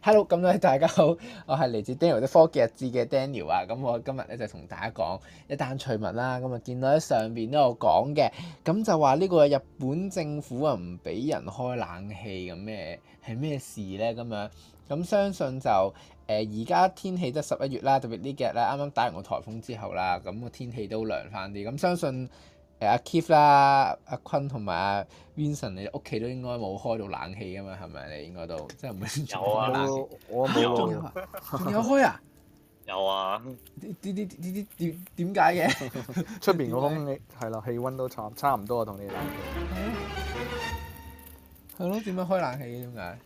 Hello，咁咧大家好，我係嚟自 Daniel 的科技日誌嘅 Daniel 啊，咁、嗯、我今日咧就同大家講一單趣聞啦。咁啊、嗯、見到喺上邊都有講嘅，咁、啊、就話呢個日本政府啊唔俾人開冷氣咁咩，係咩事呢？咁樣咁相信就誒，而、呃、家天氣得十一月啦，特別呢幾日咧，啱啱打完個颱風之後啦，咁、啊、個天氣都涼翻啲，咁、啊、相信。誒阿 Keith 啦，阿坤同埋阿 Vincent，你屋企都應該冇開到冷氣噶嘛？係咪你應該都即係唔會開冷氣。有啊，我冇。仲有開啊？有啊。呢啲啲啲點點解嘅？出邊個空氣係啦，氣溫都差差唔多同你。冷氣係咯？點解開冷氣嘅？點解？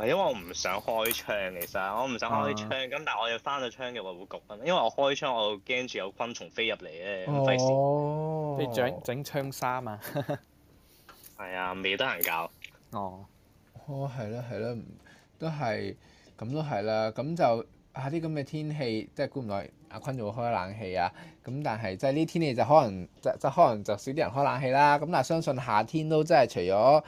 因為我唔想開窗，其實我唔想開窗。咁、啊、但係我又翻咗窗嘅話會焗啊，因為我開窗我又驚住有昆蟲飛入嚟咧，咁你整整窗紗嘛？係啊，未得閒搞。哦。哦，係啦、啊，係啦、啊，都係咁都係啦。咁、啊、就喺啲咁嘅天氣，即係估唔到阿坤就會開冷氣啊。咁但係即係呢天氣就可能即即可能就少啲人開冷氣啦。咁但係相信夏天都即係除咗。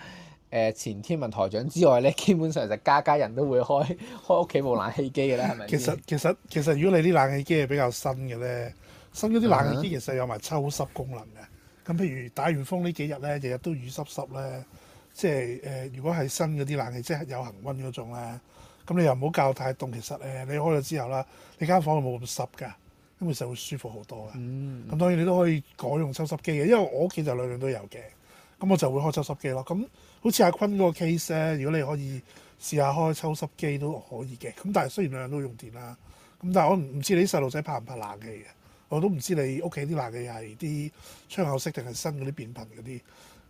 誒、呃、前天文台長之外咧，基本上就家家人都會開開屋企部冷氣機嘅啦，係咪實？其實其實其實，如果你啲冷氣機係比較新嘅咧，新嗰啲冷氣機其實有埋抽濕功能嘅。咁譬如打完風幾呢幾日咧，日日都雨濕濕咧，即係誒、呃，如果係新嗰啲冷氣即係有恆溫嗰種咧，咁你又唔好較太凍，其實咧你開咗之後啦，你房間房係冇咁濕㗎，咁其實會舒服好多嘅。咁、嗯、當然你都可以改用抽濕機嘅，因為我屋企就兩樣都有嘅。咁我就會開抽濕機咯。咁好似阿坤嗰個 case 咧，如果你可以試下開抽濕機都可以嘅。咁但係雖然兩樣都用電啦，咁但係我唔唔知你細路仔怕唔怕冷氣嘅？我都唔知你屋企啲冷氣係啲窗口式定係新嗰啲變頻嗰啲。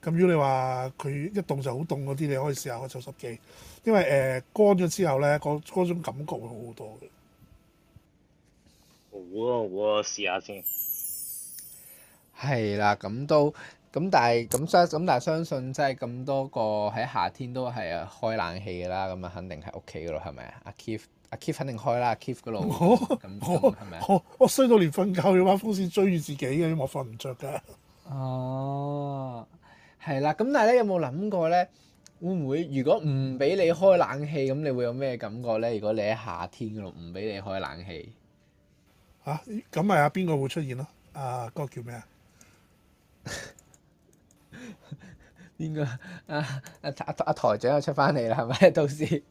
咁如果你話佢一凍就好凍嗰啲，你可以試下開抽濕機，因為誒乾咗之後咧，個嗰種感覺會好好多嘅。我我試下先。係啦，咁都。咁但係咁相咁但係相信即係咁多個喺夏天都係開冷氣噶啦，咁啊肯定喺屋企噶咯，係咪啊？阿 Keith 阿 Keith 肯定開啦，Keith 嗰度咁係咪啊？我我衰到連瞓覺要玩風扇追住自己嘅，我瞓唔着噶。哦，係啦，咁但係咧有冇諗過咧，會唔會如果唔俾你開冷氣，咁你會有咩感覺咧？如果你喺夏天嗰度唔俾你開冷氣，吓咁咪啊邊個、啊、會出現咯？啊，嗰、嗰個叫咩啊？ 邊個 啊啊啊台長又出翻嚟啦，係咪？到時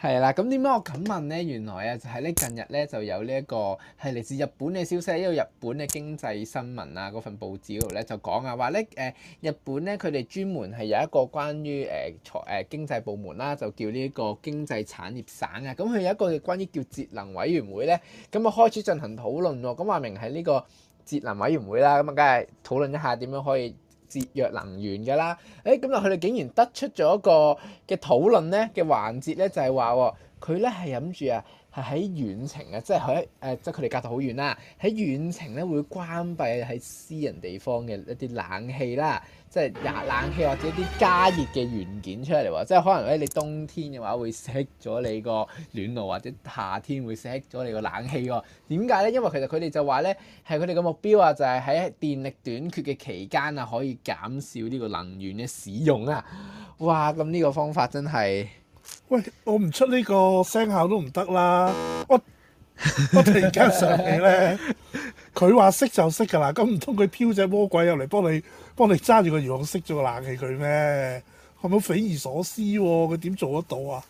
係 啦，咁點解我噉問咧？原來啊，就係咧近日咧就有呢、這、一個係嚟自日本嘅消息，因為日本嘅經濟新聞啊嗰份報紙度咧就講啊話咧誒日本咧佢哋專門係有一個關於誒財誒經濟部門啦，就叫呢一個經濟產業省啊。咁佢有一個關於叫節能委員會咧，咁啊開始進行討論喎。咁話明喺呢個節能委員會啦，咁啊梗係討論一下點樣可以節約能源㗎啦，誒、哎、咁，但佢哋竟然得出咗一個嘅討論咧嘅環節咧，就係話喎，佢咧係諗住啊，係喺遠程啊，即係喺誒，即係佢哋隔得好遠啦，喺遠程咧會關閉喺私人地方嘅一啲冷氣啦。即係冷氣或者啲加熱嘅元件出嚟喎，即係可能咧，你冬天嘅話會熄咗你個暖爐，或者夏天會熄咗你個冷氣喎。點解咧？因為其實佢哋就話咧，係佢哋嘅目標啊，就係喺電力短缺嘅期間啊，可以減少呢個能源嘅使用啊。哇！咁呢個方法真係，喂，我唔出呢個聲效都唔得啦，我我突然間上嚟咧。 佢話熄就熄㗎啦，咁唔通佢飄隻魔鬼入嚟幫你幫你揸住個遙控熄咗個冷氣佢咩？係咪匪夷所思喎、啊？佢點做得到啊？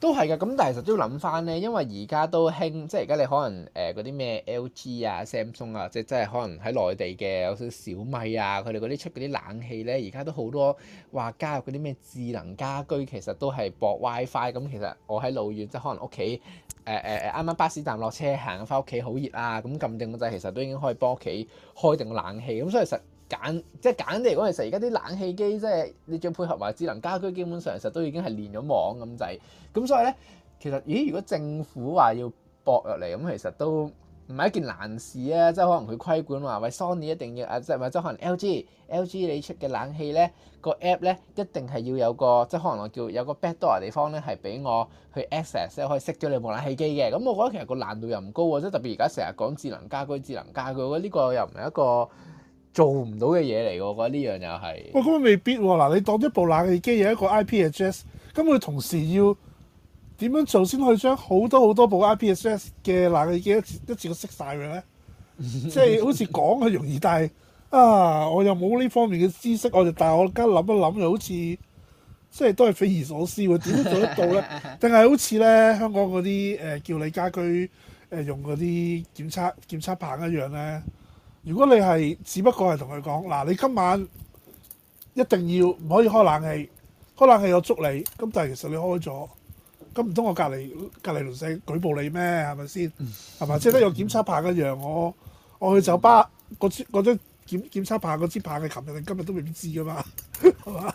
都係嘅咁，但係其實都要諗翻咧，因為而家都興，即係而家你可能誒嗰啲咩 LG 啊、Samsung 啊，即係即係可能喺內地嘅有少少小米啊，佢哋嗰啲出嗰啲冷氣咧，而家都好多話加入嗰啲咩智能家居，其實都係駁 WiFi。咁、嗯、其實我喺路遠，即係可能屋企誒誒誒啱啱巴士站落車行翻屋企好熱啊，咁撳定個掣，其實都已經可以幫屋企開定個冷氣咁、嗯，所以實。簡即係簡啲嚟講，其實而家啲冷氣機即係你再配合埋智能家居，基本上其實都已經係連咗網咁滯。咁所以咧，其實咦？如果政府話要駁入嚟，咁其實都唔係一件難事啊！即係可能佢規管話，喂 Sony 一定要啊，即係或者即係可能 LG，LG 你出嘅冷氣咧個 app 咧一定係要有個即係可能我叫有個 backdoor 地方咧，係俾我去 access，即係可以熄咗你部冷氣機嘅。咁我覺得其實個難度又唔高喎，即係特別而家成日講智能家居、智能家居，我覺得呢個又唔係一個。做唔到嘅嘢嚟㗎，我覺得呢樣又係喂咁未必喎、啊、嗱，你當一部冷氣機有一個 IP address 咁佢同時要點樣做先可以將好多好多部 IP address 嘅冷氣機一一次過熄晒佢咧？ 即係好似講係容易，但係啊，我又冇呢方面嘅知識，我想想就但係我而家諗一諗又好似即係都係匪夷所思喎，點樣做得到咧？定係 好似咧香港嗰啲誒叫你家居誒、呃、用嗰啲檢測檢測棒一樣咧？如果你係只不過係同佢講嗱，你今晚一定要唔可以開冷氣，開冷氣我捉你。咁但係其實你開咗，咁唔通我隔籬隔籬鄰舍舉報你咩？係咪先？係嘛、嗯？即係都有檢測棒一樣，我我去酒吧支嗰張檢檢，檢測棒嗰支棒，佢琴日你今日都未必知噶嘛？係嘛？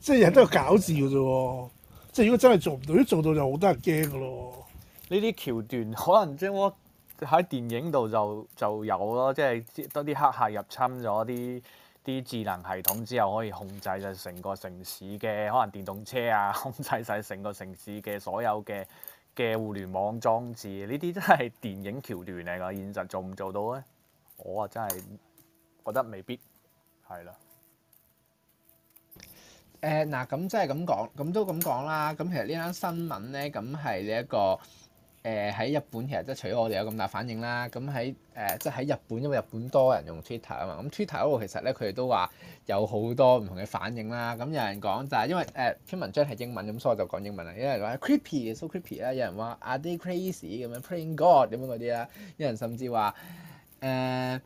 即係人都有狡智嘅啫。即係如果真係做唔到，一做到就好多人驚咯。呢啲橋段可能即係我。喺電影度就就有咯，即係多啲黑客客入侵咗啲啲智能系統之後，可以控制就成個城市嘅可能電動車啊，控制晒成個城市嘅所有嘅嘅互聯網裝置，呢啲真係電影橋段嚟噶，現實做唔做到咧？我啊真係覺得未必係啦。誒嗱，咁即係咁講，咁都咁講啦。咁其實呢單新聞咧，咁係呢一個。誒喺、呃、日本其實即係除咗我哋有咁大反應啦，咁喺誒即係喺日本，因為日本多人用 Twitter 啊嘛，咁 Twitter 嗰度其實咧佢哋都話有好多唔同嘅反應啦。咁有人講就係、是、因為誒篇、呃、文章係英文，咁所以我就講英文啦。有人話 creepy，so creepy 啦，有人話 are they crazy 咁樣，playing God 咁樣嗰啲啦，有人甚至話誒、呃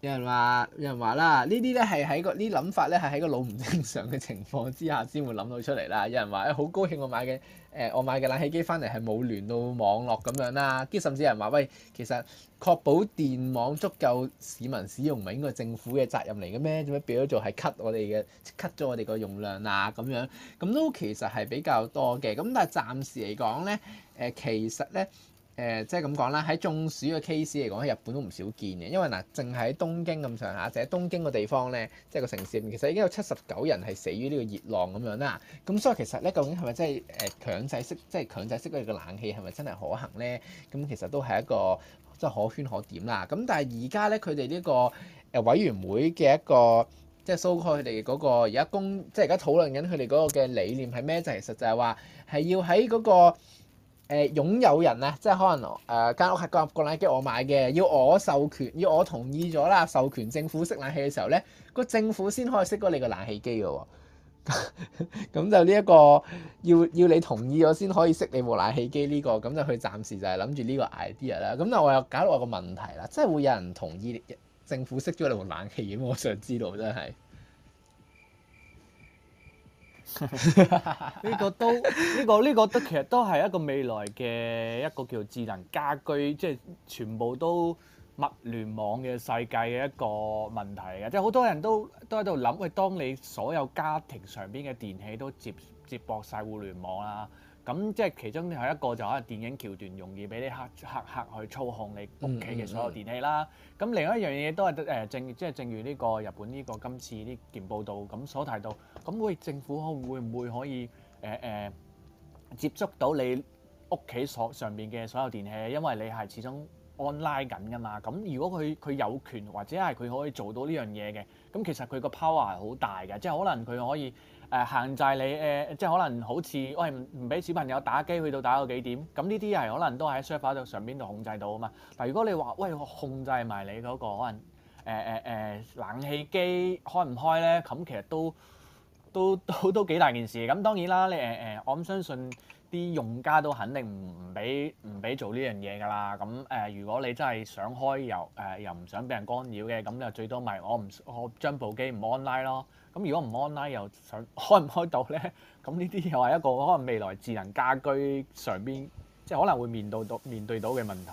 有人話，有人話啦，呢啲咧係喺個呢諗法咧係喺個腦唔正常嘅情況之下先會諗到出嚟啦。有人話誒好高興我、呃，我買嘅誒我買嘅冷氣機翻嚟係冇連到網絡咁樣啦，跟住甚至有人話喂，其實確保電網足夠市民使用唔係應該政府嘅責任嚟嘅咩？做咩變咗做係 cut 我哋嘅 cut 咗我哋個容量啊咁樣？咁都其實係比較多嘅。咁但係暫時嚟講咧，誒、呃、其實咧。誒即係咁講啦，喺、呃就是、中暑嘅 case 嚟講，喺日本都唔少見嘅。因為嗱，淨係喺東京咁上下，就喺東京個地方咧，即係個城市面，其實已經有七十九人係死於呢個熱浪咁樣啦。咁所以其實咧，究竟係咪真係誒強制式，即、就、係、是、強制式嘅冷氣係咪真係可行咧？咁其實都係一個即係、就是、可圈可點啦。咁但係而家咧，佢哋呢個誒委員會嘅一個即係 survey 佢哋嗰個而家公，即係而家討論緊佢哋嗰個嘅理念係咩？就其、是、實就係話係要喺嗰、那個。誒、呃、擁有人咧，即係可能誒間、呃、屋係個個冷氣機我買嘅，要我授權，要我同意咗啦，授權政府熄冷氣嘅時候咧，個政府先可以熄咗你個冷氣機嘅喎、哦。咁 就呢、這、一個要要你同意咗先可以熄你部冷氣機呢、這個，咁就佢暫時就係諗住呢個 idea 啦。咁但我又搞到我個問題啦，即係會有人同意政府熄咗你部冷氣咩？我想知道真係。呢 個都，呢個呢個都其實都係一個未來嘅一個叫智能家居，即係全部都物聯網嘅世界嘅一個問題嘅，即係好多人都都喺度諗，喂，當你所有家庭上邊嘅電器都接接駁曬互聯網啦。咁即係其中係一個就可能電影橋段，容易俾啲黑黑客去操控你屋企嘅所有電器啦。咁另外一樣嘢都係誒正，即係正如呢個日本呢個今次呢件報道咁所提到，咁會政府會唔會可以誒誒接觸到你屋企所上面嘅所有電器？因為你係始終 online 緊㗎嘛。咁如果佢佢有權或者係佢可以做到呢樣嘢嘅，咁其實佢個 power 係好大嘅，即係可能佢可以。誒、呃、限制你誒、呃，即係可能好似喂，唔唔俾小朋友打機，去到打到幾點？咁呢啲係可能都喺 server 度上邊度控制到啊嘛。但，如果你話喂，我控制埋你嗰、嗰個可能誒誒誒冷氣機開唔開咧，咁其實都都都都，都幾大件事。咁當然啦，你誒誒、呃，我唔相信。啲用家都肯定唔唔俾唔俾做呢樣嘢㗎啦。咁、嗯、誒、呃，如果你真係想開又誒、呃、又唔想俾人干擾嘅，咁就最多咪我唔我將部機唔 online 咯。咁如果唔 online 又想開唔開到咧？咁呢啲又係一個可能未來智能家居上邊即係可能會面對到面對到嘅問題。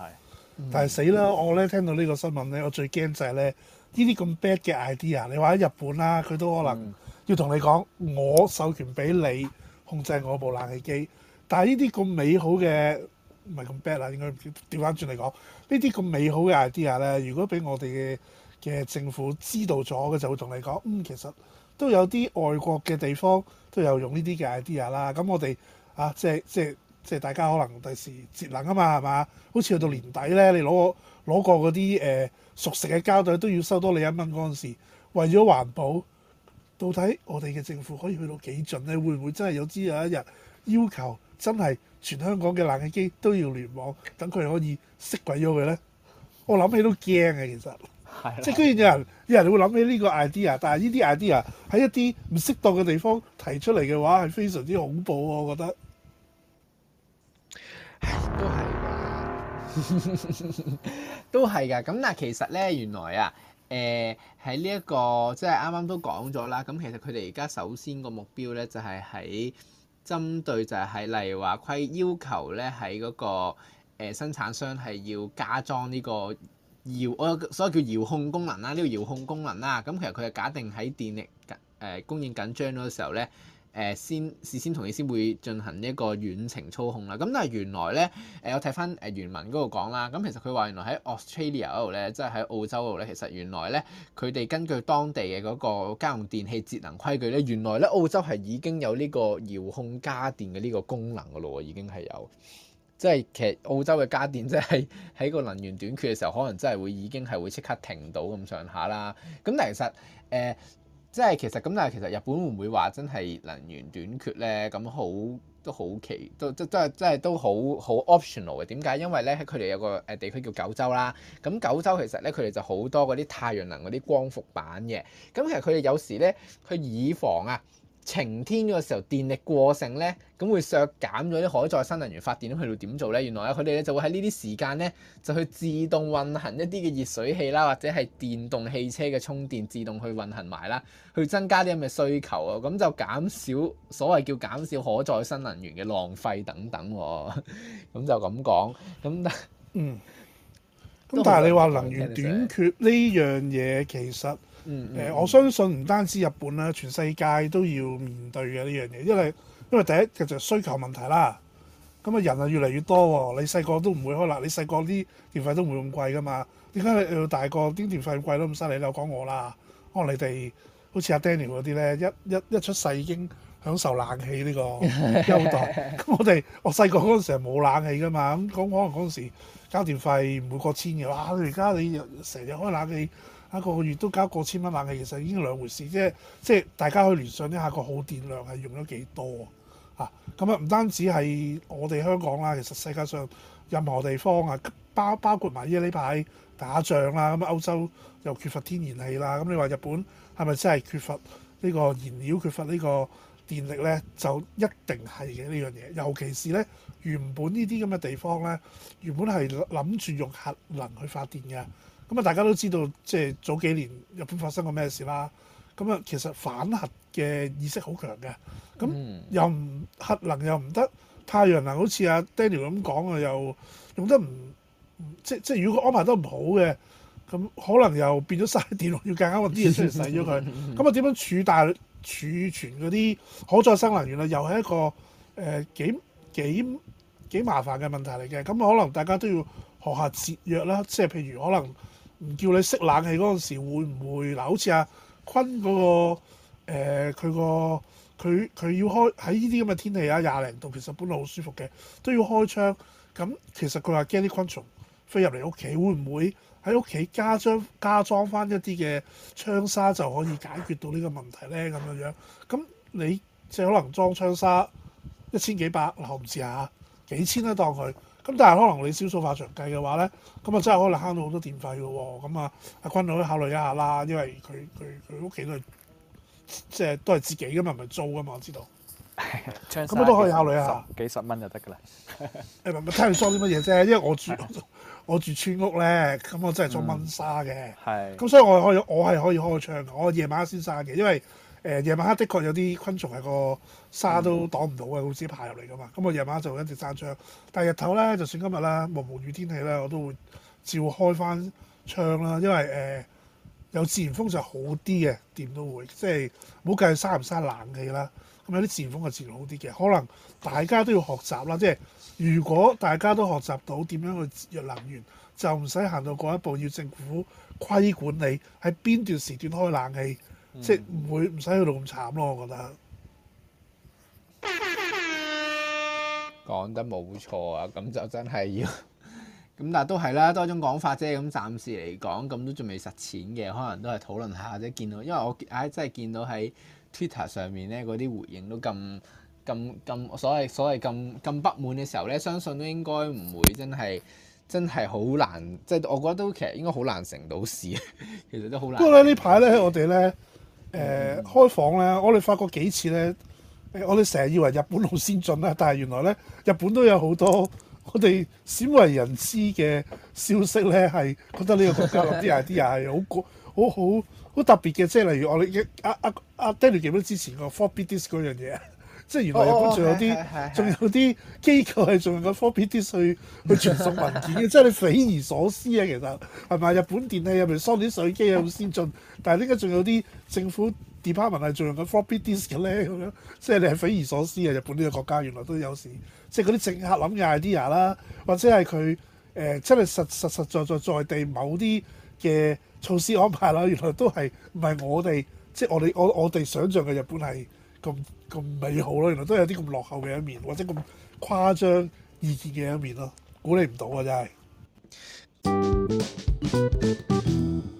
但係死啦！我咧聽到呢個新聞咧，我最驚就係咧呢啲咁 bad 嘅 idea。你話喺日本啦、啊，佢都可能要同你講我授權俾你控制我部冷氣機。但係呢啲咁美好嘅，唔係咁 bad 啦。應該調翻轉嚟講，呢啲咁美好嘅 idea 咧，如果俾我哋嘅嘅政府知道咗，佢就會同你講，嗯，其實都有啲外國嘅地方都有用呢啲嘅 idea 啦。咁我哋啊，即係即係即係大家可能第時節能啊嘛，係嘛？好似去到年底咧，你攞攞過嗰啲誒熟食嘅膠袋都要收多你一蚊嗰陣時，為咗環保，到底我哋嘅政府可以去到幾盡咧？會唔會真係有知有一日要求？真係全香港嘅冷氣機都要聯網，等佢可以熄鬼咗佢呢？我諗起都驚啊，其實， 即係居然有人，有人會諗起呢個 idea。但係呢啲 idea 喺一啲唔適當嘅地方提出嚟嘅話，係非常之恐怖，我覺得，唉 是的， 都係㗎，都係㗎。咁嗱，其實呢，原來啊，誒、呃，喺呢一個即係啱啱都講咗啦。咁其實佢哋而家首先個目標呢，就係喺。針對就係例如話佢要求咧，喺嗰、那個誒、呃、生產商係要加裝呢個遙，我、呃、所謂叫遙控功能啦，呢、這個遙控功能啦，咁其實佢係假定喺電力緊誒、呃、供應緊張嗰個時候咧。誒先事先同你先會進行一個遠程操控啦，咁但係原來咧，誒我睇返誒原文嗰度講啦，咁其實佢話原來喺 Australia 嗰度咧，即係喺澳洲嗰度咧，其實原來咧，佢哋根據當地嘅嗰個家用電器節能規矩咧，原來咧澳洲係已經有呢個遙控家電嘅呢個功能㗎咯，已經係有，即係其實澳洲嘅家電即係喺個能源短缺嘅時候，可能真係會已經係會即刻停到咁上下啦，咁但係其實誒。呃即係其實咁，但係其實日本會唔會話真係能源短缺咧？咁好都好奇，都即即即係都好好 optional 嘅。點解？因為咧，佢哋有個誒地區叫九州啦。咁九州其實咧，佢哋就好多嗰啲太陽能嗰啲光伏板嘅。咁其實佢哋有時咧，佢以防啊。晴天嗰個時候電力過剩咧，咁會削減咗啲可再生能源發電，去到哋點做咧？原來佢哋咧就會喺呢啲時間咧，就去自動運行一啲嘅熱水器啦，或者係電動汽車嘅充電自動去運行埋啦，去增加啲咁嘅需求啊，咁就減少所謂叫減少可再生能源嘅浪費等等喎。咁 就咁講，咁嗯，咁 但係你話能源短缺呢樣嘢其實？Mm hmm. 呃、我相信唔單止日本啦、啊，全世界都要面對嘅呢樣嘢，因為因為第一其實、就係、需求問題啦，咁啊人啊越嚟越多，你細個都唔會開冷，你細個啲電費都唔會咁貴噶嘛，點解你到大個啲電費咁貴都咁犀利？又講我啦，可能你哋好似阿 Daniel 嗰啲咧，一一一出世已經享受冷氣呢、呢個優待，咁 我哋我細個嗰陣時係冇冷氣噶嘛，咁講可能嗰陣時交電費唔會過千嘅，哇！你而家你成日開冷氣。一個月都交過千蚊冷氣，其實已經兩回事，即係即係大家去聯想一下個耗電量係用咗幾多啊？咁啊，唔單止係我哋香港啦，其實世界上任何地方啊，包包括埋依呢排打仗啦，咁啊歐洲又缺乏天然氣啦，咁你話日本係咪真係缺乏呢個燃料、缺乏呢個電力呢？就一定係嘅呢樣嘢，尤其是呢原本呢啲咁嘅地方呢，原本係諗住用核能去發電嘅。咁啊，大家都知道，即係早幾年日本發生過咩事啦。咁啊，其實反核嘅意識好強嘅。咁又唔核能又唔得，太陽能好似阿 Daniel 咁講啊，又用得唔即係即係如果安排得唔好嘅，咁可能又變咗嘥電腦，要更加搵啲嘢出嚟使咗佢。咁啊，點樣儲大儲存嗰啲可再生能源啊？又係一個誒、呃、幾幾幾麻煩嘅問題嚟嘅。咁啊，可能大家都要學下節約啦。即係譬如可能。唔叫你熄冷氣嗰陣時，會唔會嗱？好似阿坤嗰個誒，佢個佢佢要開，喺呢啲咁嘅天氣啊，廿零度，其實本來好舒服嘅，都要開窗。咁其實佢話驚啲昆蟲飛入嚟屋企，會唔會喺屋企加張加裝翻一啲嘅窗紗就可以解決到呢個問題呢？咁樣樣，咁你即係可能裝窗紗一千幾百，我唔知啊，幾千都當佢。咁但係可能你消數化長計嘅話咧，咁啊真係可能慳到好多電費嘅喎，咁啊阿坤都可以考慮一下啦，因為佢佢佢屋企都係即係都係自己嘅嘛，唔係租嘅嘛，我知道。咁啊都可以考慮下幾，幾十蚊就得嘅啦。誒唔係睇佢裝啲乜嘢啫，因為我住， 我，住我住村屋咧，咁我真係裝蚊紗嘅。係、嗯。咁所以我可以我係可以開窗，我夜晚先閂嘅，因為。誒夜、呃、晚黑的確有啲昆蟲係個沙都擋唔到嘅，好似、嗯、爬入嚟㗎嘛。咁我夜晚就一直閂窗。但係日頭咧，就算今日啦，毛毛雨天氣咧，我都會照開返窗啦。因為誒、呃、有自然風就好啲嘅，點都會即係唔好計曬閂唔閂冷氣啦。咁有啲自然風就自然好啲嘅。可能大家都要學習啦，即係如果大家都學習到點樣去節約能源，就唔使行到嗰一步要政府規管你喺邊段時段開冷氣。即係唔會唔使去到咁慘咯，我覺得。講得冇錯啊，咁就真係要。咁 但係都係啦，多種講法啫。咁暫時嚟講，咁都仲未實踐嘅，可能都係討論下或者見到。因為我唉，真係見到喺 Twitter 上面咧，嗰啲回應都咁咁咁所謂所謂咁咁不滿嘅時候咧，相信都應該唔會真係真係好難。即係我覺得都其實應該好難成到事， 其實都好難。不過咧呢排咧，我哋咧。誒、呃、開房咧，我哋發覺幾次咧。誒、呃，我哋成日以為日本好先進咧，但係原來咧，日本都有好多我哋鮮為人知嘅消息咧，係覺得呢個國家啲 idea 係 好好好好特別嘅。即係例如我哋阿阿、啊、阿、啊啊、Daniel James 之前個 Four Beat Disco 樣嘢。即係原來日本仲有啲，仲、oh, oh, yes, yes, yes. 有啲機構係仲用緊 floppy disk 去去傳送文件嘅， 真係匪夷所思啊！其實係咪日本電器入面 Sony 水機啊好先進， 但係點解仲有啲政府 department 係仲用緊 floppy disk 嘅咧，咁樣即係你係匪夷所思啊！日本呢個國家原來都有時，即係嗰啲政客諗嘅 idea 啦，或者係佢誒真係實實實在在在地某啲嘅措施安排啦，原來都係唔係我哋即係我哋我我哋想象嘅日本係咁。咁美好咯，原來都有啲咁落後嘅一面，或者咁誇張意見嘅一面咯，估你唔到啊，真係。